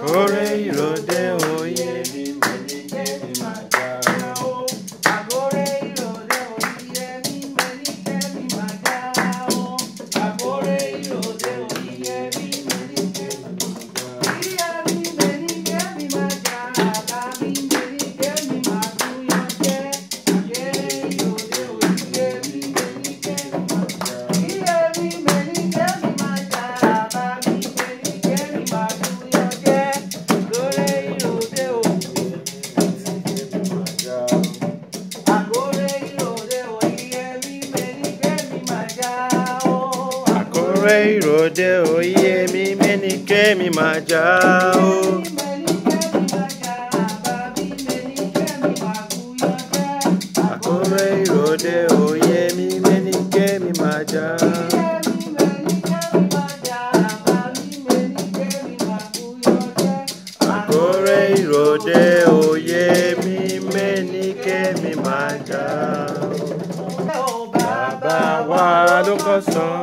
Hooray, hooray. rẹ ìrọ̀dẹ́ òye mi mẹ́nikẹ́mi máa já o. àkọ́rẹ́ ìrọ̀dẹ́ òye mi mẹ́nikẹ́mi máa já o. ìrọ̀dẹ́ òye mi mẹ́nikẹ́mi máa jà. bàbá wa ló kọ́ sàn.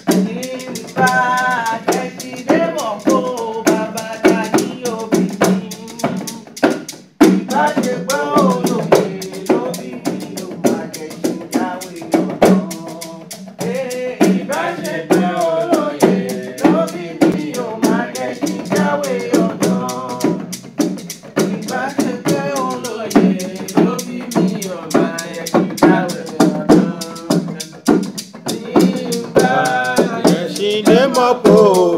mọ̀ pé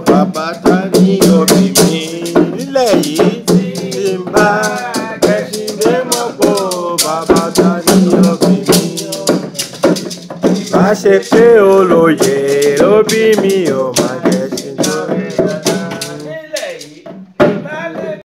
bàbá ta ni òbí mi nílẹ̀ yìí ti ń bá kẹ́sì dé mọ̀ bàbá ta ni òbí mi. bá ṣe pé olóyè ló bí mi ò